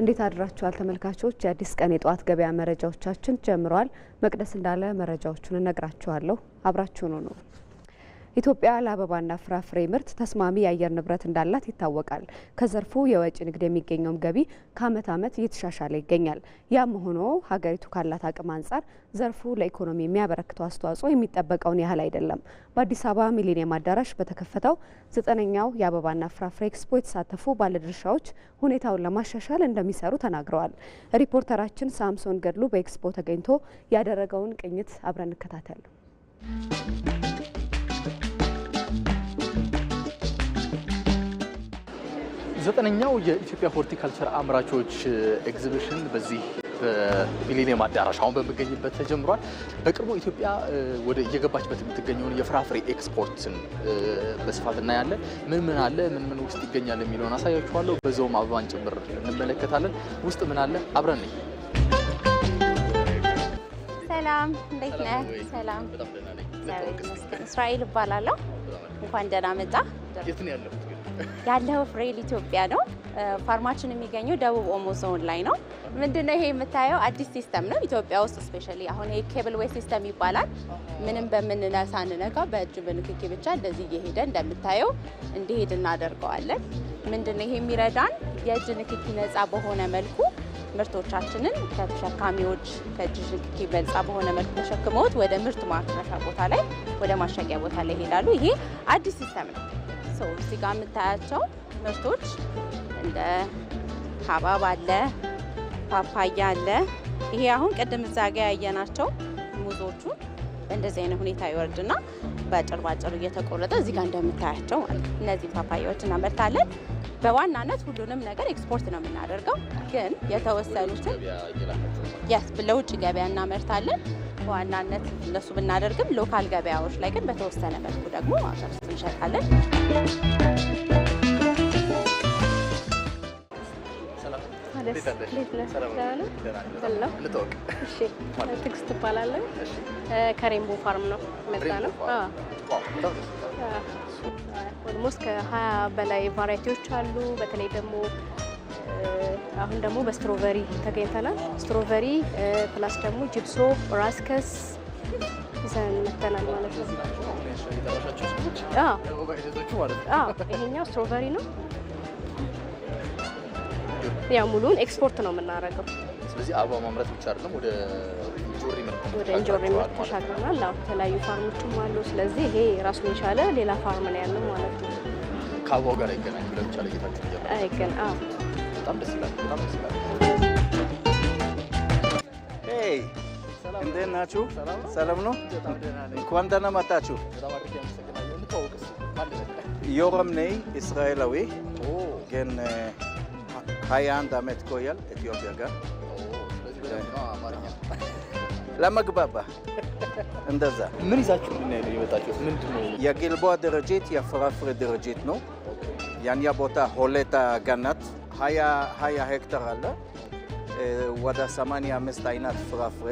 እንዴት አድራችኋል ተመልካቾች? የአዲስ ቀን የጠዋት ገበያ መረጃዎቻችን ጀምረዋል። መቅደስ እንዳለ መረጃዎቹን እነግራችኋለሁ። አብራችሁን ነው ኢትዮጵያ ለአበባና ፍራፍሬ ምርት ተስማሚ የአየር ንብረት እንዳላት ይታወቃል። ከዘርፉ የወጪ ንግድ የሚገኘውም ገቢ ከዓመት ዓመት እየተሻሻለ ይገኛል። ያም ሆኖ ሀገሪቱ ካላት አቅም አንጻር ዘርፉ ለኢኮኖሚ የሚያበረክተው አስተዋጽኦ የሚጠበቀውን ያህል አይደለም። በአዲስ አበባ ሚሊኒየም አዳራሽ በተከፈተው ዘጠነኛው የአበባና ፍራፍሬ ኤክስፖ የተሳተፉ ባለድርሻዎች ሁኔታውን ለማሻሻል እንደሚሰሩ ተናግረዋል። ሪፖርተራችን ሳምሶን ገድሉ በኤክስፖ ተገኝቶ ያደረገውን ቅኝት አብረን እንከታተል። ዘጠነኛው የኢትዮጵያ ሆርቲካልቸር አምራቾች ኤግዚቢሽን በዚህ በሚሊኒየም አዳራሽ አሁን በሚገኝበት ተጀምሯል። በቅርቡ ኢትዮጵያ ወደ እየገባችበት የምትገኘውን የፍራፍሬ ኤክስፖርትን በስፋት እናያለን። ምን ምን አለ፣ ምን ምን ውስጥ ይገኛል የሚለውን አሳያችኋለሁ። በዛውም አበባን ጭምር እንመለከታለን። ውስጥ ምን አለ አብረን ነኝ። ሰላም፣ እንዴት ነህ? ሰላም፣ እስራኤል እባላለሁ። እንኳን ደህና መጣ። የት ነው ያለሁት? ያለው ፍሬል ኢትዮጵያ ነው። ፋርማችን የሚገኘው ደቡብ ኦሞ ዞን ላይ ነው። ምንድነው ይሄ የምታየው አዲስ ሲስተም ነው ኢትዮጵያ ውስጥ ስፔሻሊ። አሁን ይሄ ኬብል ዌይ ሲስተም ይባላል። ምንም በምንነሳ ንነካ በእጅ በንክኪ ብቻ እንደዚህ እየሄደ እንደምታየው እንዲሄድ እናደርገዋለን። ምንድነው ይሄ የሚረዳን የእጅ ንክኪ ነፃ በሆነ መልኩ ምርቶቻችንን ከተሸካሚዎች ከጅጅግ ንክኪ በሆነ መልኩ ተሸክመውት ወደ ምርት ማፍረሻ ቦታ ላይ ወደ ማሸጊያ ቦታ ላይ ይሄዳሉ። ይሄ አዲስ ሲስተም ነው። እዚህ ጋር የምታያቸው ምርቶች እንደ ሀባብ አለ፣ ፓፓያ አለ። ይሄ አሁን ቅድም እዛ ጋ ያየናቸው ሙዞቹ በእንደዚህ አይነት ሁኔታ ይወርድና በአጭር በአጭሩ እየተቆረጠ እዚህ ጋር እንደምታያቸው እነዚህ ፓፓያዎች እናመርታለን። በዋናነት ሁሉንም ነገር ኤክስፖርት ነው የምናደርገው፣ ግን የተወሰኑትን ለውጭ ገበያ እናመርታለን። በዋናነት እነሱ ብናደርግም ሎካል ገበያዎች ላይ ግን በተወሰነ መልኩ ደግሞ አገር ውስጥ እንሸጣለን። ትግስት ትባላለህ። ከሬንቦ ፋርም ነው መጣ ነው። ኦልሞስት ከሀያ በላይ ቫራይቲዎች አሉ። በተለይ ደግሞ አሁን ደግሞ በስትሮቨሪ ተገኝተናል። ስትሮቨሪ ፕላስ ደግሞ ጅብሶ፣ ራስከስ ይዘን መተናል ማለት ነው። ይሄኛው ስትሮቨሪ ነው። ያው ሙሉን ኤክስፖርት ነው የምናደርገው። ስለዚህ አበባ ማምረት ብቻ አይደለም፣ ወደ እንጆሪ ምርት ወደ እንጆሪ ምርት ተሻግረናል። የተለያዩ ፋርሞችም አሉ። ስለዚህ ይሄ ራሱን የቻለ ሌላ ፋርም ነው ያለው ማለት ነው። ከአበባው ጋር አይገናኝ ብቻ ለጌታችን እያ አይገን በጣም ደስ ይላል። በጣም ደስ ይላል። እንዴት ናችሁ? ሰላም ነው። እንኳን ደህና መጣችሁ። ዮረም ነኝ። እስራኤላዊ ግን 21 ዓመት ቆያል ኢትዮጵያ ጋር ለመግባባ እንደዛ። ምን ይዛችሁ ምናይ ነው የመጣችሁት? ምንድን ነው? የጌልቦዋ ድርጅት የፍራፍሬ ድርጅት ነው። ያኛ ቦታ ሆሌታ ገነት ሀያ ሄክተር አለ። ወደ 85 አይነት ፍራፍሬ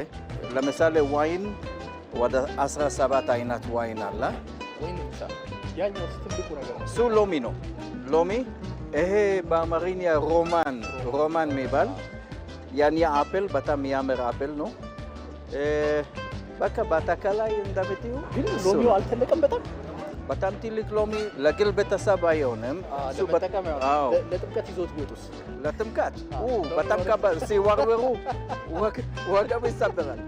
ለምሳሌ ዋይን ወደ 17 አይነት ዋይን አለ። እሱ ሎሚ ነው ሎሚ ይሄ በአማርኛ ሮማን ሮማን የሚባል ያኛ አፕል በጣም ያምር አፕል ነው። በቃ በአጠቃላይ እንደምትዩ ግን ሎሚው አልተለቀም። በጣም በጣም ትልቅ ሎሚ ለግል ቤተሰብ አይሆንም። ለጥምቀት ይዞት ቢወጡስ? ለጥምቀት በጣም ከባድ ሲወርወሩ ወገብ ይሰበራል።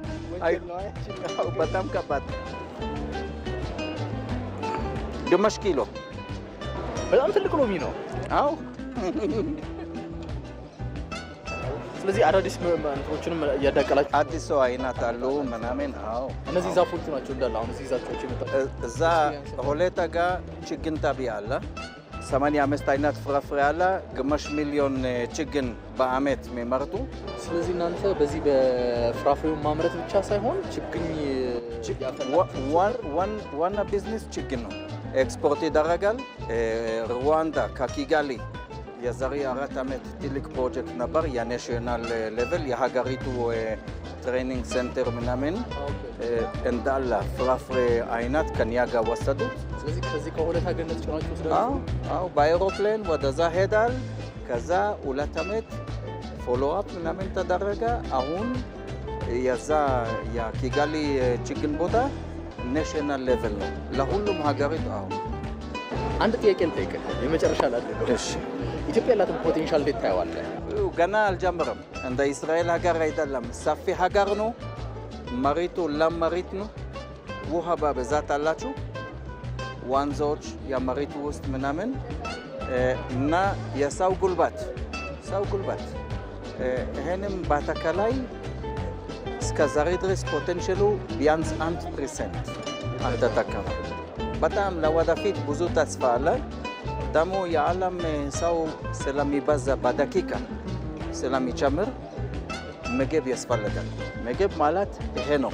በጣም ከባድ ግማሽ ኪሎ በጣም ትልቅ ሎሚ ነው። አዎ። ስለዚህ አዳዲስ ምንቶችንም እያዳቀላችሁ አዲስ ሰው አይነት አሉ ምናምን። አዎ እነዚህ ዛፎቹ ናቸው እንዳለ አሁን እዚህ ዛፎች እዛ ሆለታ ጋር ችግኝ ጣቢያ አለ። ሰማንያ አይነት ፍራፍሬ አለ። ግማሽ ሚሊዮን ችግኝ በአመት የሚመርቱ። ስለዚህ እናንተ በዚህ በፍራፍሬው ማምረት ብቻ ሳይሆን ችግኝ ዋና ቢዝነስ ችግኝ ነው። אקספורטי דרגן, אה, רואנדה, קקיגלי, יזרי ערת המת, טיליק פרוג'קט נבר, יאנשיונל אה, לבל, יהגרית הוא אה, טריינינג סנטר מנאמן, אוקיי. אנדאללה, פרפרי עינת, קניאגה ווסדו. אה, באירופלן, ודזה הדל, כזה, אולת המת, פולו-אפ מנאמן את הדרגה, ארון, יזה, יא קיגלי צ'יקן ኔሽናል ሌቨል ነው ለሁሉም ሀገሪቱ። አሁን አንድ ጥያቄ ልጠይቅህ የመጨረሻ ላለ ኢትዮጵያ ያላትን ፖቴንሻል እንዴት ታየዋለህ? ገና አልጀምርም። እንደ እስራኤል ሀገር አይደለም፣ ሰፊ ሀገር ነው። መሬቱ ለም መሬት ነው። ውሃ በብዛት አላችሁ፣ ዋንዛዎች የመሬቱ ውስጥ ምናምን እና የሰው ጉልበት ሰው ጉልበት ይህንም በተከላይ እስከዛሬ ድረስ ፖቴንሽሉ ቢያንስ አንድ ፐርሰንት አልተጠቀመም። በጣም ለወደፊት ብዙ ተስፋ አለ። ደግሞ የዓለም ሰው ስለሚበዛ በደቂቃ ስለሚጨምር ምግብ ያስፈልጋል። ምግብ ማለት ይሄ ነው።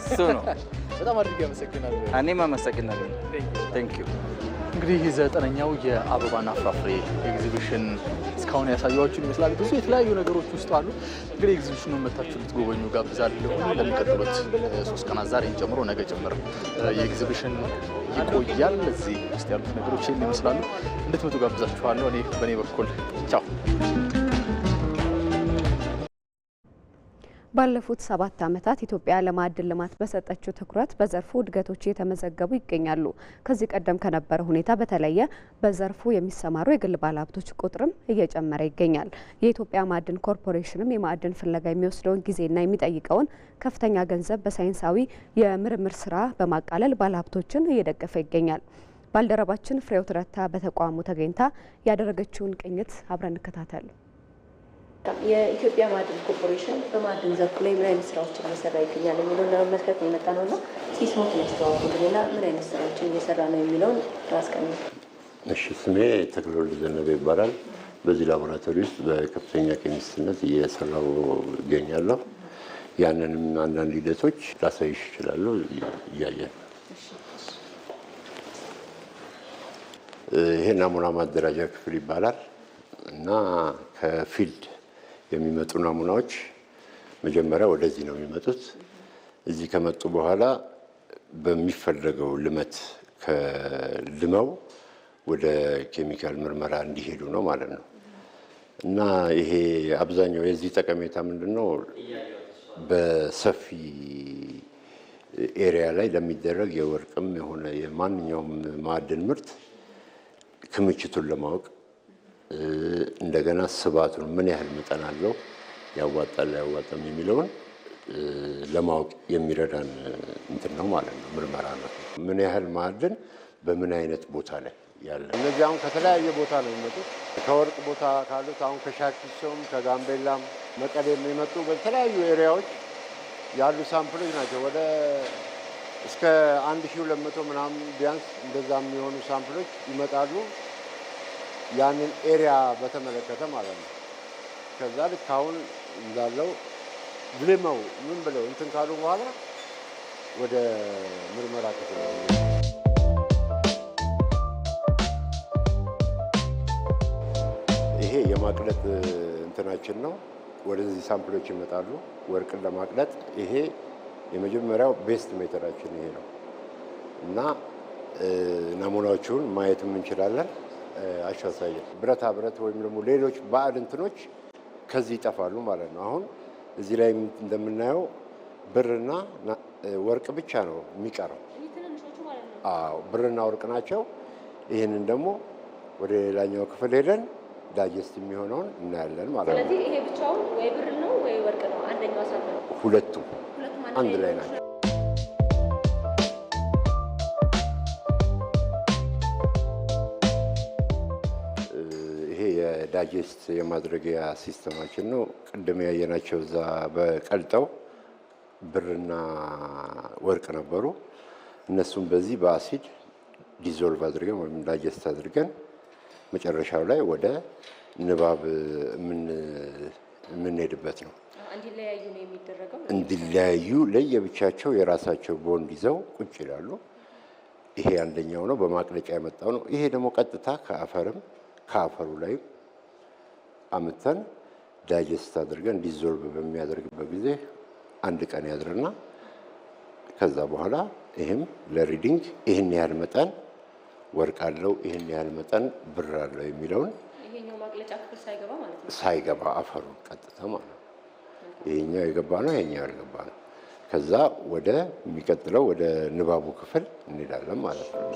እሱ ነው። በጣም አድርጌ አመሰግናለሁ። እኔም አመሰግናለሁ። ቴንክ ዩ እንግዲህ ዘጠነኛው የአበባና ፍራፍሬ ኤግዚቢሽን እስካሁን ያሳየኋችሁን ይመስላል። ብዙ የተለያዩ ነገሮች ውስጥ አሉ። እንግዲህ ኤግዚቢሽኑን መታችሁ ልትጎበኙ ጋብዛለሁ። ለሚቀጥሉት ሶስት ቀናት ዛሬን ጨምሮ ነገ ጭምር የኤግዚቢሽን ይቆያል። እዚህ ውስጥ ያሉት ነገሮች ይህን ይመስላሉ። እንድትመጡ ጋብዛችኋለሁ። እኔ በእኔ በኩል ቻው። ባለፉት ሰባት ዓመታት ኢትዮጵያ ለማዕድን ልማት በሰጠችው ትኩረት በዘርፉ እድገቶች እየተመዘገቡ ይገኛሉ። ከዚህ ቀደም ከነበረ ሁኔታ በተለየ በዘርፉ የሚሰማሩ የግል ባለሀብቶች ቁጥርም እየጨመረ ይገኛል። የኢትዮጵያ ማዕድን ኮርፖሬሽንም የማዕድን ፍለጋ የሚወስደውን ጊዜና የሚጠይቀውን ከፍተኛ ገንዘብ በሳይንሳዊ የምርምር ስራ በማቃለል ባለሀብቶችን እየደገፈ ይገኛል። ባልደረባችን ፍሬው ትረታ በተቋሙ ተገኝታ ያደረገችውን ቅኝት አብረን እንከታተል። የኢትዮጵያ ማዕድን ኮርፖሬሽን በማዕድን ዘርፍ ላይ ምን አይነት ስራዎችን እየሰራ ይገኛል የሚለውን ለመመልከት የመጣ ነው እና ሲስሞት እና ምን አይነት ስራዎችን እየሰራ ነው የሚለውን ራስቀሚ። እሺ፣ ስሜ ተክለወልድ ዘነበ ይባላል። በዚህ ላቦራቶሪ ውስጥ በከፍተኛ ኬሚስትነት እየሰራው ይገኛለሁ። ያንንም አንዳንድ ሂደቶች ላሳይሽ እችላለሁ። እያየ ይሄ ናሙና ማደራጃ ክፍል ይባላል እና ከፊልድ የሚመጡ ናሙናዎች መጀመሪያ ወደዚህ ነው የሚመጡት። እዚህ ከመጡ በኋላ በሚፈለገው ልመት ከልመው ወደ ኬሚካል ምርመራ እንዲሄዱ ነው ማለት ነው። እና ይሄ አብዛኛው የዚህ ጠቀሜታ ምንድን ነው? በሰፊ ኤሪያ ላይ ለሚደረግ የወርቅም የሆነ የማንኛውም ማዕድን ምርት ክምችቱን ለማወቅ እንደገና ስባቱን ምን ያህል መጠን አለው ያዋጣል ያዋጣም የሚለውን ለማወቅ የሚረዳን እንትን ነው ማለት ነው፣ ምርመራ ነው። ምን ያህል ማዕድን በምን አይነት ቦታ ላይ ያለ። እነዚህ አሁን ከተለያየ ቦታ ነው የሚመጡት። ከወርቅ ቦታ ካሉት አሁን ከሻኪሶም ከጋምቤላም መቀሌ የሚመጡ በተለያዩ ኤሪያዎች ያሉ ሳምፕሎች ናቸው። ወደ እስከ አንድ ሺህ ሁለት መቶ ምናምን ቢያንስ እንደዛ የሚሆኑ ሳምፕሎች ይመጣሉ። ያንን ኤሪያ በተመለከተ ማለት ነው። ከዛ ልክ አሁን እንዳለው ልመው ምን ብለው እንትን ካሉ በኋላ ወደ ምርመራ ክፍል ይሄ የማቅለጥ እንትናችን ነው። ወደዚህ ሳምፕሎች ይመጣሉ ወርቅን ለማቅለጥ። ይሄ የመጀመሪያው ቤስት ሜተራችን ይሄ ነው እና ናሙናዎቹን ማየትም እንችላለን። አሻሳየ ብረታ ብረት ወይም ደግሞ ሌሎች ባዕድ እንትኖች ከዚህ ይጠፋሉ ማለት ነው። አሁን እዚህ ላይ እንደምናየው ብርና ወርቅ ብቻ ነው የሚቀረው። አዎ ብርና ወርቅ ናቸው። ይህንን ደግሞ ወደ ሌላኛው ክፍል ሄደን ዳጀስት የሚሆነውን እናያለን ማለት ነው። ስለዚህ ይሄ ብቻውን ወይ ብር ነው ወይ ወርቅ ነው? አንደኛው ሁለቱም አንድ ላይ ናቸው። ዳይጀስት የማድረጊያ ሲስተማችን ነው። ቅድም ያየናቸው እዛ በቀልጠው ብርና ወርቅ ነበሩ። እነሱም በዚህ በአሲድ ዲዞልቭ አድርገን ወይም ዳጀስት አድርገን መጨረሻው ላይ ወደ ንባብ የምንሄድበት ነው። እንዲለያዩ እንዲለያዩ ለየብቻቸው የራሳቸው ቦንድ ይዘው ቁጭ ይላሉ። ይሄ አንደኛው ነው፣ በማቅለጫ የመጣው ነው። ይሄ ደግሞ ቀጥታ ከአፈርም ከአፈሩ ላይ አምተን ዳይጀስት አድርገን ዲዞልቭ በሚያደርግበት ጊዜ አንድ ቀን ያድርና ከዛ በኋላ ይህም ለሪዲንግ ይህን ያህል መጠን ወርቅ አለው፣ ይህን ያህል መጠን ብር አለው የሚለውን ሳይገባ አፈሩ ቀጥታ ማለት ነው። ይሄኛው የገባ ነው፣ ይሄኛው ያልገባ ነው። ከዛ ወደ የሚቀጥለው ወደ ንባቡ ክፍል እንሄዳለን ማለት ነው።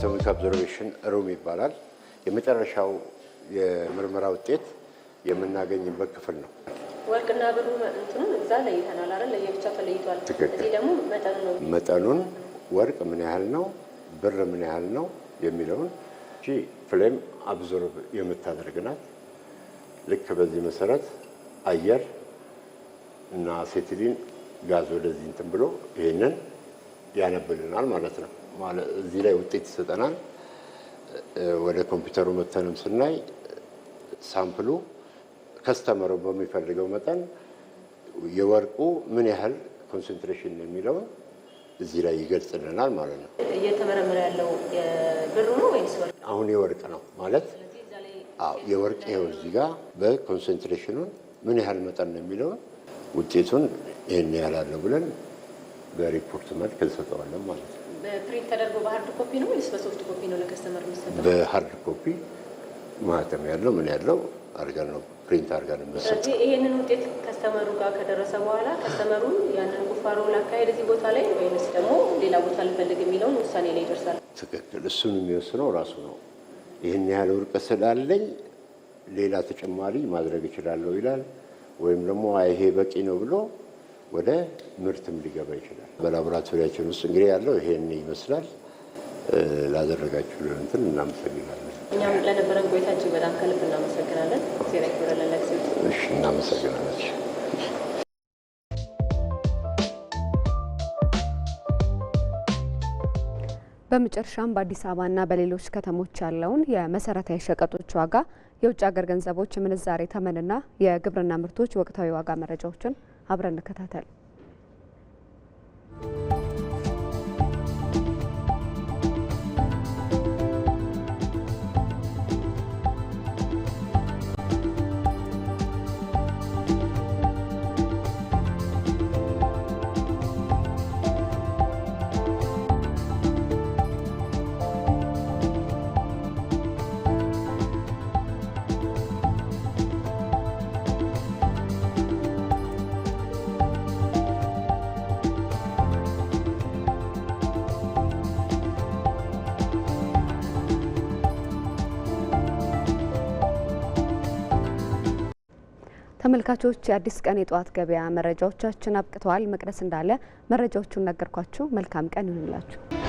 አቶሚክ ኦብዘርቬሽን ሩም ይባላል። የመጨረሻው የምርመራ ውጤት የምናገኝበት ክፍል ነው። ወርቅና ብሩ እንትኑን እዛ ለይተናል አይደል? ለየብቻ ተለይቷል። እዚህ ደግሞ መጠኑ ነው። መጠኑን ወርቅ ምን ያህል ነው፣ ብር ምን ያህል ነው የሚለውን እቺ ፍሌም አብዞርብ የምታደርግ ናት። ልክ በዚህ መሰረት አየር እና አሴትሊን ጋዝ ወደዚህ እንትን ብሎ ይህንን ያነብልናል ማለት ነው። እዚህ ላይ ውጤት ይሰጠናል። ወደ ኮምፒውተሩ መተንም ስናይ ሳምፕሉ ከስተመሩ በሚፈልገው መጠን የወርቁ ምን ያህል ኮንሰንትሬሽን ነው የሚለውን እዚህ ላይ ይገልጽልናል ማለት ነው። እየተመረመረ ያለው ብሩ ነው ወይስ ወርቅ? አሁን የወርቅ ነው ማለት የወርቅ ይኸው እዚህ ጋር በኮንሰንትሬሽኑን ምን ያህል መጠን ነው የሚለውን ውጤቱን ይህን ያህል አለው ብለን በሪፖርት መልክ እንሰጠዋለን ማለት ነው። ፕሪንት ተደርጎ በሀርድ ኮፒ ነው ወይስ በሶፍት ኮፒ ነው ለከስተመር የሚሰጠው? በሀርድ ኮፒ ማህተም ያለው ምን ያለው አድርገን ነው ፕሪንት አድርገን ውጤት ከስተመሩ ጋር ከደረሰ በኋላ ከስተመሩን ያንን ቁፋሮ ላካሄድ እዚህ ቦታ ላይ ደግሞ ሌላ ቦታ ልፈልግ የሚለውን ውሳኔ ላይ ይደርሳል። ትክክል። እሱን የሚወስነው ራሱ ነው። ይህን ያህል ወርቅ ስላለኝ ሌላ ተጨማሪ ማድረግ እችላለሁ ይላል፣ ወይም ደግሞ ይሄ በቂ ነው ብሎ ወደ ምርትም ሊገባ ይችላል። በላቦራቶሪያችን ውስጥ እንግዲህ ያለው ይሄን ይመስላል። ላደረጋችሁ እንትን እናመሰግናለን። እኛም ለነበረን ቆይታችን በጣም ከልብ እናመሰግናለን። ዜና እናመሰግናለች። በመጨረሻም በአዲስ አበባና በሌሎች ከተሞች ያለውን የመሰረታዊ ሸቀጦች ዋጋ፣ የውጭ ሀገር ገንዘቦች ምንዛሬ ተመንና የግብርና ምርቶች ወቅታዊ ዋጋ መረጃዎችን አብረን እንከታተል። ተመልካቾች የአዲስ ቀን የጠዋት ገበያ መረጃዎቻችን አብቅተዋል። መቅደስ እንዳለ መረጃዎቹን ነገርኳችሁ። መልካም ቀን ይሁንላችሁ።